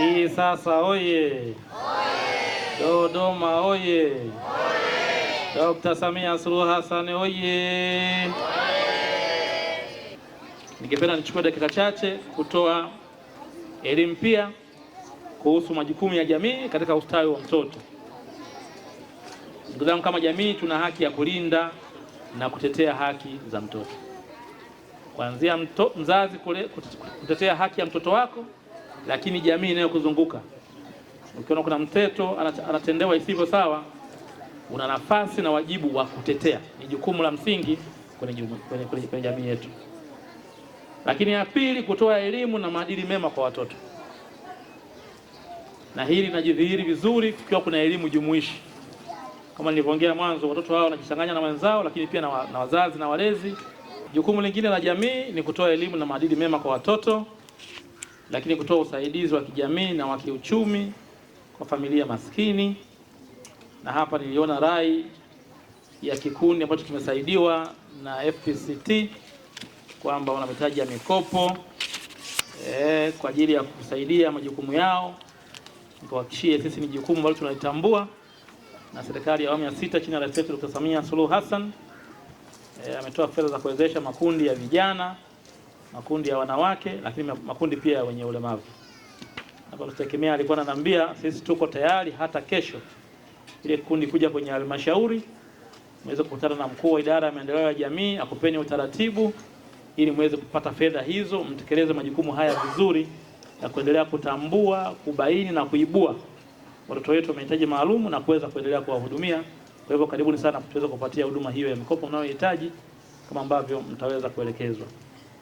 Hii sasa oye! Dodoma oye! dokta Dr. Samia Suluhu Hassan oye! Oye! Ningependa nichukue dakika chache kutoa elimu pia kuhusu majukumu ya jamii katika ustawi wa mtoto. Ndugu zangu, kama jamii tuna haki ya kulinda na kutetea haki za mtoto, kuanzia mto, mzazi kule, kutetea haki ya mtoto wako lakini jamii inayokuzunguka. Ukiona kuna mteto anatendewa isivyo sawa, una nafasi na wajibu wa kutetea. Ni jukumu la msingi kwenye, kwenye, kwenye, kwenye jamii yetu. Lakini ya pili, kutoa elimu na maadili mema kwa watoto, na hili linajidhihiri vizuri kukiwa kuna elimu jumuishi kama nilivyoongea mwanzo, watoto hao wanajichanganya na wenzao, lakini pia na, wa, na wazazi na walezi. Jukumu lingine la jamii ni kutoa elimu na maadili mema kwa watoto lakini kutoa usaidizi wa kijamii na wa kiuchumi kwa familia maskini. Na hapa niliona rai ya kikundi ambacho kimesaidiwa na FPCT kwamba wana mitaji ya mikopo e, kwa ajili ya kusaidia majukumu yao. Nikuhakikishie sisi ni jukumu ambalo tunalitambua na serikali ya awamu ya sita chini ya Rais wetu Dr. Samia Suluhu Hassan e, ametoa fedha za kuwezesha makundi ya vijana makundi ya wanawake, lakini makundi pia ya wenye ulemavu. Tegemea alikuwa ananiambia sisi tuko tayari hata kesho ile kundi kuja kwenye halmashauri mweze kukutana na mkuu wa idara ya maendeleo ya jamii akupeni utaratibu ili muweze kupata fedha hizo, mtekeleze majukumu haya vizuri na kuendelea kutambua, kubaini na kuibua watoto wetu wa mahitaji maalum na kuweza kuendelea kuwahudumia. Kwa hivyo karibuni sana tuweze kupatia huduma hiyo ya mikopo mnayohitaji kama ambavyo mtaweza kuelekezwa.